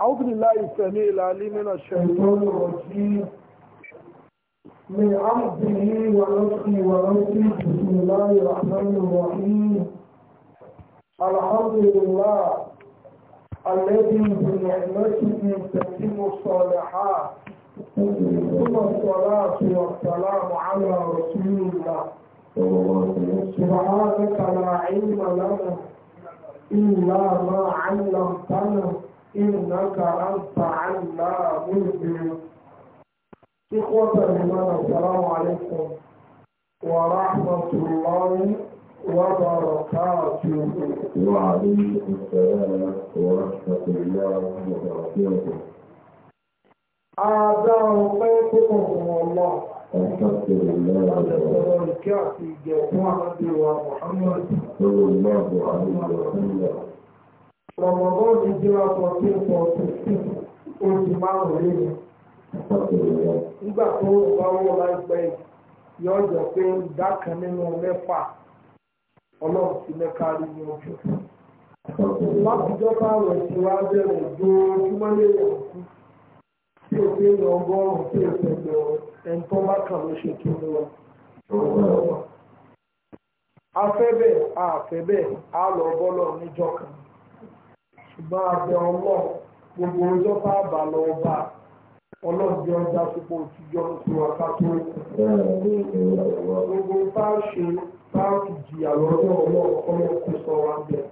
أعوذ بالله السميع العليم من الشيطان الرجيم من عبده ونفسي ونفسي بسم الله الرحمن الرحيم الحمد لله الذي بنعمته تتم الصالحات ثم الصلاة والسلام على رسول الله سبحانك لا علم لنا إلا ما علمتنا إنك أنت علام الغيوب إخوة الإيمان السلام عليكم ورحمة الله وبركاته وعليكم السلام ورحمة الله وبركاته أعزائي الله الحمد لله صلى الله عليه وسلم رمضان ìjọra tọ̀tí tọ̀tí oṣù márùn-ún lẹ́yìn nígbà tó bá wọ́n láìpẹ́ yóò jẹ́ pé ìdá kan nínú mẹ́fà ọlọ́run ti mẹ́kárí ní ojú látijọ́ bá rẹ̀ ti wá bẹ̀rẹ̀ tí o béèrè ọgọ́rùn-ún tí o tẹ̀lé ọ ẹni tó má kà ló ṣe kí ni wọn. afẹ́bẹ̀ àfẹ́bẹ̀ á lọ bọ́lọ̀ níjọ́ kan ṣùgbọ́n abẹ ọlọ́ọ̀ gbogbo ọjọ́ bá bà lọ bá ọlọ́ọ̀dẹ ọjà púpọ̀ òtijọ́ oṣù ọ̀ká tó gbogbo bá ṣe bá jìyà lọ́dọ̀ ọlọ́ọ̀ ọlọ́ọ̀ kó sọ wa bẹ̀.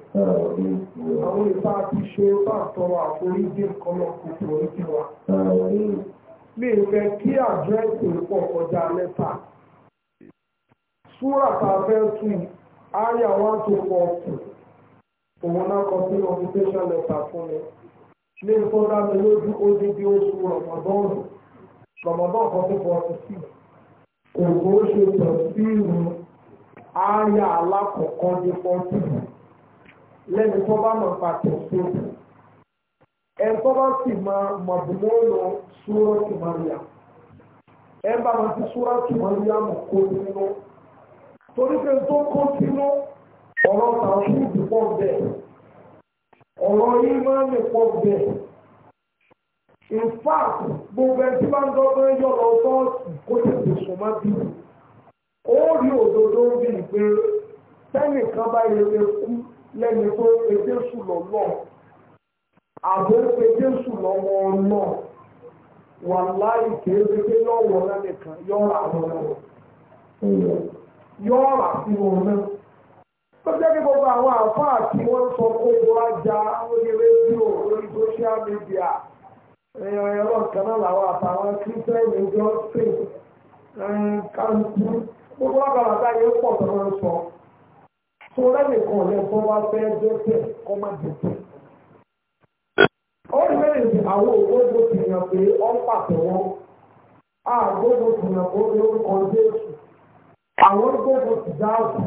Àwọn ìbá ti ṣe bá tọrọ àforíjì kọlọ kò tòrí wa. Mi fẹ́ kí àdírẹ́sì pọ̀ kọjá lẹ́tà. Súrà ta fẹ́ tù áyà tó pọ̀ kù. Òun náà kọ sí invitation letter fún mi. Ní ìfọ́dá mi lójú ó dín bí oṣù Rọ̀mọ̀dọ́ọ̀nù. kan tó pọ̀ sí. Kò kó ṣe sí ìrù alákọ̀ọ́kọ́ lẹ́ni tó bá mọ̀ pa tẹ̀sí ẹ̀ tó bá sì mọ mọ̀bùmọ́lò súrọ́tì Maryam ẹ̀ bá wọn ti súrọ́tì Maryam kó nínú torí pé tó kó sínú ọ̀rọ̀ tàwọn ìdìbò bẹ́ẹ̀ ọ̀rọ̀ yìí máa ń pọ̀ bẹ́ẹ̀ in fact gbogbo ẹ̀ tí máa ń dọ́gbọ́n yọ̀ lọ sọ́ọ̀sì kó tètè sùn má bí ó rí òdodo ń bì pé sẹ́nìkan bá yẹ kú lẹ́ni tó pe Jésù lọ́lọ́ àbò pe Jésù lọ́wọ́ náà wà láì kéde pé lọ́wọ́ lẹ́nìkan yọ̀ọ̀rà àwọn ọ̀rọ̀ yọ̀ọ̀rà sí wọn náà. Tó jẹ́ kí gbogbo àwọn àfáà tí wọ́n sọ pé ó wá ja lórí rédíò lórí social media ẹ̀yàn ẹ̀rọ kan náà làwọn àtàwọn kírísítẹ́nì jọ sí kàǹtì gbogbo àgbàlagbà yẹn pọ̀ tó wọ́n sọ. tó lẹ́nìkan lẹ́tọ́ wá fẹ́ dẹ́tẹ̀ kọ́ má dẹ́tẹ̀. ó bẹ̀rẹ̀ sí àwọn ògbógbó ti yàn pé ó ń pàtẹ wọn àgbógbó ti yàn pé lórúkọ jésù àwọn gbógbó ti dáàbò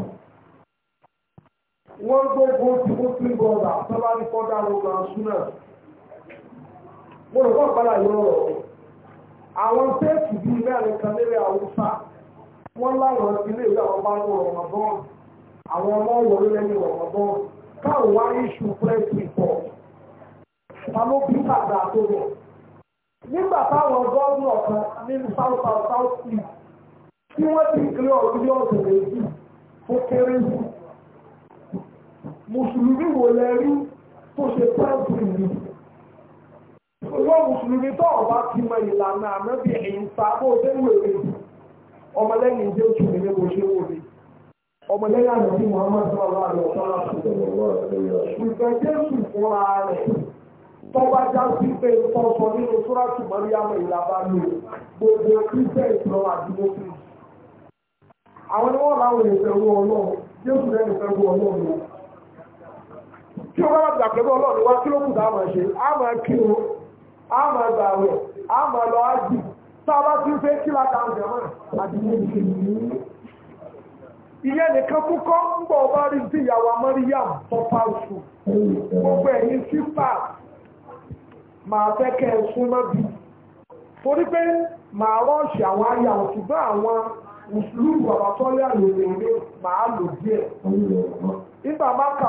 wọ́n gbógbó ti muslim brother sábàbí fọ́dà lọ́gbà ṣúná. mo rò wọ́n padà yọ ọ̀rọ̀ àwọn fẹ́ẹ̀kì bíi mẹ́rin kan lérè àwùsá wọ́n láwọn ilé ìwé àwọn bá ń wọ̀ bọ́ọ̀lù. àwọn ọmọ wọlé lẹ́yìn ọ̀rọ̀bọ káwọn wá iṣu press report ta bí bàbá tó nígbà táwọn south south south east tí wọ́n ti ọdún ọ̀sẹ̀ méjì tó kéré sí mùsùlùmí tó ṣe mùsùlùmí tó ọba ti mọ ìlànà ẹ̀yìn ọmọlẹ́yìn jẹ́ òṣèlú ní bó ṣe ọmọlẹ́yà lórí Muhammad sọ́lá àlọ́sọ́lá ṣùgbọ́n Jésù fúnra rẹ̀ tọ́gbà já sí pé tọ́sọ nínú súrátù mọ́ríyàmọ̀ ìlàbá lò gbogbo kíṣẹ́ ìtọ́ àdúgbòkú àwọn ni wọ́n láwọn ìfẹ̀rú ọlọ́run Jésù rẹ̀ ìfẹ̀rú ọlọ́run lọ kí wọ́n bá gbàgbẹ́bẹ́ ọlọ́run wá kí ló kù dáa máa ṣe á máa kí o á máa gbà rẹ̀ á máa lọ ájì tá a bá ti ń fẹ́ kí látàǹdẹ̀ mọ́ àdúgbò ihe nìkan kúkọ́ ń bọ̀ bá rí sí ìyàwó oṣù gbogbo ẹ̀yìn sífà máa fẹ́ súnmọ́ bí torí pé màá rọ́ọ̀ṣì àwọn ayà ṣùgbọ́n àwọn mùsùlùmí bàbá tọ́lẹ̀ lò díẹ̀